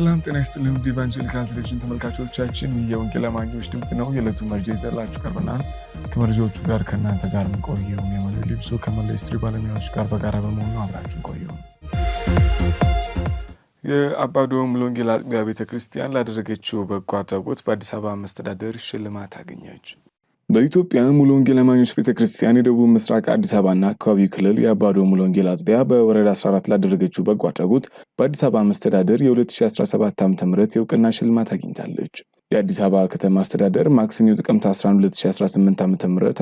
ሰላም ጤና ይስጥልን ውድ ኢቫንጀሊካል ቴሌቪዥን ተመልካቾቻችን፣ የወንጌል አማኞች ድምፅ ነው። የዕለቱ መርጃ ይዘላችሁ ቀርበናል። ከመርጃዎቹ ጋር ከእናንተ ጋር የምንቆየው የሆነ ልብሶ ከመላ ስትሪ ባለሙያዎች ጋር በጋራ በመሆኑ አብራችን ቆየው። የአባዶ ሙሉ ወንጌል አጥቢያ ቤተ ክርስቲያን ላደረገችው በጎ አድራጎት በአዲስ አበባ መስተዳደር ሽልማት አገኘች። በኢትዮጵያ ሙሉ ወንጌል አማኞች ቤተ ክርስቲያን የደቡብ ምስራቅ አዲስ አበባና አካባቢው ክልል የአባዶ ሙሉ ወንጌል አጥቢያ በወረዳ 14 ላደረገችው በጎ አድራጎት በአዲስ አበባ መስተዳደር የ2017 ዓ ም የእውቅና ሽልማት አግኝታለች። የአዲስ አበባ ከተማ አስተዳደር ማክሰኞ ጥቅምት 11 2018 ዓ ም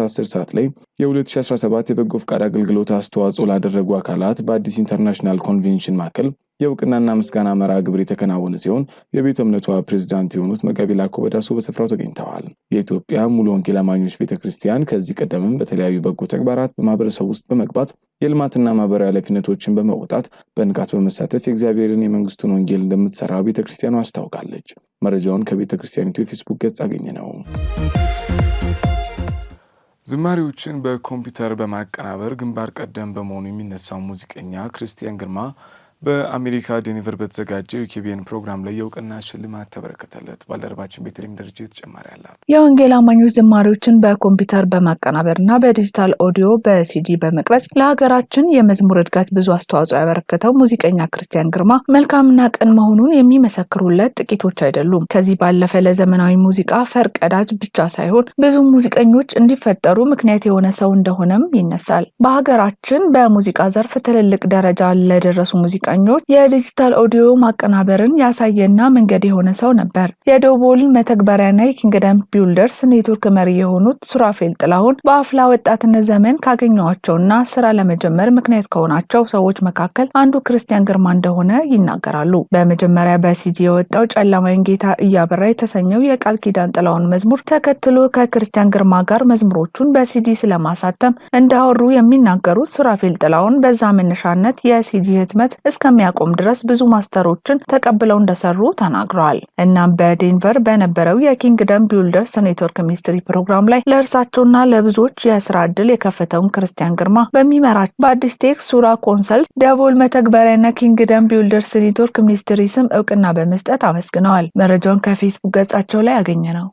10 ሰዓት ላይ የ2017 የበጎ ፈቃድ አገልግሎት አስተዋጽኦ ላደረጉ አካላት በአዲስ ኢንተርናሽናል ኮንቬንሽን ማዕከል የእውቅናና ምስጋና መርሃ ግብር የተከናወነ ሲሆን የቤተ እምነቷ ፕሬዚዳንት የሆኑት መጋቢ ላኮ በዳሱ በስፍራው ተገኝተዋል። የኢትዮጵያ ሙሉ ወንጌል አማኞች ቤተ ክርስቲያን ከዚህ ቀደምም በተለያዩ በጎ ተግባራት በማህበረሰብ ውስጥ በመግባት የልማትና ማህበራዊ ኃላፊነቶችን በመወጣት በንቃት በመሳተፍ የእግዚአብሔርን የመንግስቱን ወንጌል እንደምትሰራ ቤተ ክርስቲያኗ አስታውቃለች። መረጃውን ከቤተ ክርስቲያኒቱ የፌስቡክ ገጽ አገኘ ነው። ዝማሪዎችን በኮምፒውተር በማቀናበር ግንባር ቀደም በመሆኑ የሚነሳው ሙዚቀኛ ክርስቲያን ግርማ በአሜሪካ ዴኒቨር በተዘጋጀው የኬቢየን ፕሮግራም ላይ የእውቅና ሽልማት ተበረከተለት። ባልደረባችን ቤተልሔም ደረጀ ተጨማሪ አላት። የወንጌል አማኞች ዝማሪዎችን በኮምፒውተር በማቀናበር እና በዲጂታል ኦዲዮ በሲዲ በመቅረጽ ለሀገራችን የመዝሙር እድጋት ብዙ አስተዋጽኦ ያበረከተው ሙዚቀኛ ክርስቲያን ግርማ መልካምና ቅን መሆኑን የሚመሰክሩለት ጥቂቶች አይደሉም። ከዚህ ባለፈ ለዘመናዊ ሙዚቃ ፈርቀዳጅ ብቻ ሳይሆን ብዙ ሙዚቀኞች እንዲፈጠሩ ምክንያት የሆነ ሰው እንደሆነም ይነሳል። በሀገራችን በሙዚቃ ዘርፍ ትልልቅ ደረጃ ለደረሱ ሙዚቃ ሙዚቀኞች የዲጂታል ኦዲዮ ማቀናበርን ያሳየና መንገድ የሆነ ሰው ነበር። የዶቦልን መተግበሪያና የኪንግደም ቢውልደርስ ኔትወርክ መሪ የሆኑት ሱራፌል ጥላሁን በአፍላ ወጣትነት ዘመን ካገኘቸውና ስራ ለመጀመር ምክንያት ከሆናቸው ሰዎች መካከል አንዱ ክርስቲያን ግርማ እንደሆነ ይናገራሉ። በመጀመሪያ በሲዲ የወጣው ጨለማዊን ጌታ እያበራ የተሰኘው የቃል ኪዳን ጥላሁን መዝሙር ተከትሎ ከክርስቲያን ግርማ ጋር መዝሙሮቹን በሲዲ ስለማሳተም እንዳወሩ የሚናገሩት ሱራፌል ጥላሁን በዛ መነሻነት የሲዲ ህትመት እስከሚያቆም ድረስ ብዙ ማስተሮችን ተቀብለው እንደሰሩ ተናግረዋል። እናም በዴንቨር በነበረው የኪንግደም ቢውልደርስ ኔትወርክ ሚኒስትሪ ፕሮግራም ላይ ለእርሳቸውና ለብዙዎች የስራ እድል የከፈተውን ክርስቲያን ግርማ በሚመራቸው በአዲስ ቴክ ሱራ ኮንሰልት ደቦል መተግበሪያና ኪንግደም ቢውልደርስ ኔትወርክ ሚኒስትሪ ስም እውቅና በመስጠት አመስግነዋል። መረጃውን ከፌስቡክ ገጻቸው ላይ ያገኘ ነው።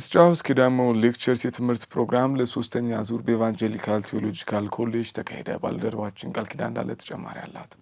ስትራውስ ኪዳሞ ሌክቸርስ የትምህርት ፕሮግራም ለሶስተኛ ዙር በኤቫንጀሊካል ቴዎሎጂካል ኮሌጅ ተካሄደ። ባልደረባችን ቃል ኪዳ እንዳለ ተጨማሪ አላት።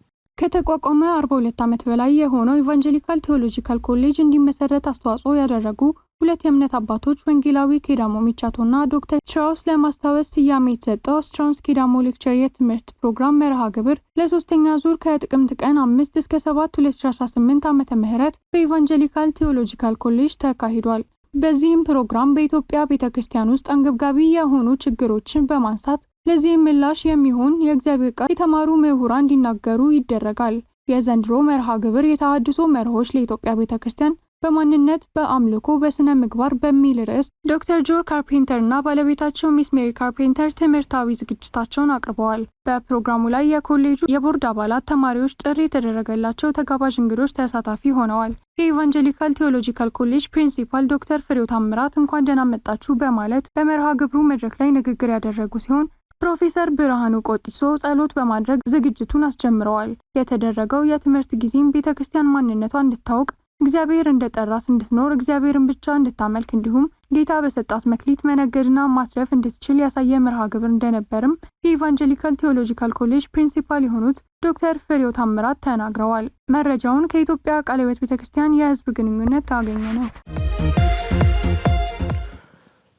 ከተቋቋመ 42 ዓመት በላይ የሆነው ኤቫንጀሊካል ቴዎሎጂካል ኮሌጅ እንዲመሰረት አስተዋጽኦ ያደረጉ ሁለት የእምነት አባቶች ወንጌላዊ ኪዳሞ ሚቻቶና ዶክተር ስትራውስ ለማስታወስ ስያሜ የተሰጠው ስትራውስ ኪዳሞ ሌክቸር የትምህርት ፕሮግራም መርሃ ግብር ለሶስተኛ ዙር ከጥቅምት ቀን አምስት እስከ ሰባት ሁለት ዓ ም ዓመተ ምህረት በኤቫንጀሊካል ቴዎሎጂካል ኮሌጅ ተካሂዷል። በዚህም ፕሮግራም በኢትዮጵያ ቤተ ክርስቲያን ውስጥ አንገብጋቢ የሆኑ ችግሮችን በማንሳት ለዚህም ምላሽ የሚሆን የእግዚአብሔር ቃል የተማሩ ምሁራን እንዲናገሩ ይደረጋል። የዘንድሮ መርሃ ግብር የተሃድሶ መርሆች ለኢትዮጵያ ቤተ ክርስቲያን በማንነት በአምልኮ በስነ ምግባር በሚል ርዕስ ዶክተር ጆር ካርፔንተር እና ባለቤታቸው ሚስ ሜሪ ካርፔንተር ትምህርታዊ ዝግጅታቸውን አቅርበዋል። በፕሮግራሙ ላይ የኮሌጁ የቦርድ አባላት፣ ተማሪዎች፣ ጥሪ የተደረገላቸው ተጋባዥ እንግዶች ተሳታፊ ሆነዋል። የኢቫንጀሊካል ቴዎሎጂካል ኮሌጅ ፕሪንሲፓል ዶክተር ፍሬው ታምራት እንኳን ደህና መጣችሁ በማለት በመርሃ ግብሩ መድረክ ላይ ንግግር ያደረጉ ሲሆን ፕሮፌሰር ብርሃኑ ቆጢሶ ጸሎት በማድረግ ዝግጅቱን አስጀምረዋል። የተደረገው የትምህርት ጊዜም ቤተ ክርስቲያን ማንነቷ እንድታውቅ እግዚአብሔር እንደ ጠራት እንድትኖር እግዚአብሔርን ብቻ እንድታመልክ እንዲሁም ጌታ በሰጣት መክሊት መነገድና ማትረፍ እንድትችል ያሳየ መርሃ ግብር እንደነበርም የኢቫንጀሊካል ቴዎሎጂካል ኮሌጅ ፕሪንሲፓል የሆኑት ዶክተር ፍሬው ታምራት ተናግረዋል። መረጃውን ከኢትዮጵያ ቃለ ሕይወት ቤተክርስቲያን የህዝብ ግንኙነት ታገኘ ነው።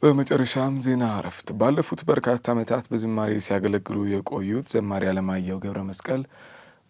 በመጨረሻም ዜና እረፍት። ባለፉት በርካታ ዓመታት በዝማሬ ሲያገለግሉ የቆዩት ዘማሪ አለማየሁ ገብረ መስቀል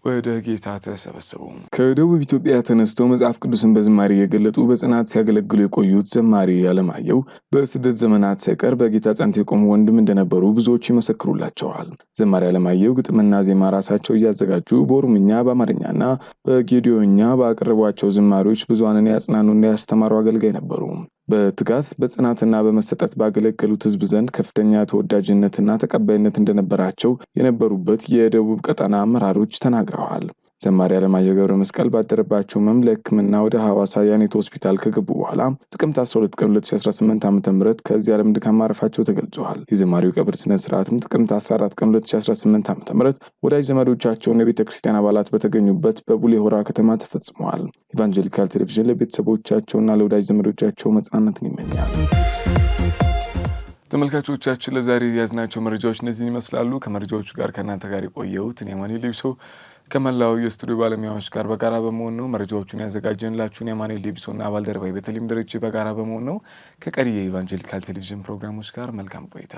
ወደ ጌታ ተሰበሰቡ። ከደቡብ ኢትዮጵያ ተነስተው መጽሐፍ ቅዱስን በዝማሬ የገለጡ በጽናት ሲያገለግሉ የቆዩት ዘማሪ አለማየሁ በስደት ዘመናት ሳይቀር በጌታ ጸንት የቆሙ ወንድም እንደነበሩ ብዙዎች ይመሰክሩላቸዋል። ዘማሪ አለማየሁ ግጥምና ዜማ ራሳቸው እያዘጋጁ በኦሮምኛ፣ በአማርኛና በጌዲዮኛ ባቀረቧቸው ዝማሪዎች ብዙንን ያጽናኑና ያስተማሩ አገልጋይ ነበሩ። በትጋት በጽናትና በመሰጠት ባገለገሉት ህዝብ ዘንድ ከፍተኛ ተወዳጅነትና ተቀባይነት እንደነበራቸው የነበሩበት የደቡብ ቀጠና አመራሮች ተናግረዋል። ዘማሪ አለማየሁ ገብረ መስቀል ባደረባቸው ህመም ለሕክምና ወደ ሐዋሳ ያኔት ሆስፒታል ከገቡ በኋላ ጥቅምት 12 ቀን 2018 ዓ ም ከዚህ ዓለም ድካም ማረፋቸው ተገልጿል። የዘማሪው ቀብር ስነ ስርዓትም ጥቅምት 14 ቀን 2018 ዓ ም ወዳጅ ዘመዶቻቸውን የቤተ ክርስቲያን አባላት በተገኙበት በቡሌ ሆራ ከተማ ተፈጽመዋል። ኢቫንጀሊካል ቴሌቪዥን ለቤተሰቦቻቸውና ለወዳጅ ዘመዶቻቸው መጽናናትን ይመኛል። ተመልካቾቻችን ለዛሬ የያዝናቸው መረጃዎች እነዚህን ይመስላሉ። ከመረጃዎቹ ጋር ከእናንተ ጋር የቆየሁት እኔ ማኔ ልብሶ ከመላው የስቱዲዮ ባለሙያዎች ጋር በጋራ በመሆን ነው መረጃዎቹን ያዘጋጀንላችሁን የማኑኤል ዴቢሶና ባልደረባይ በተለይም ደረጀ በጋራ በመሆን ነው። ከቀሪ የኢቫንጀሊካል ቴሌቪዥን ፕሮግራሞች ጋር መልካም ቆይታ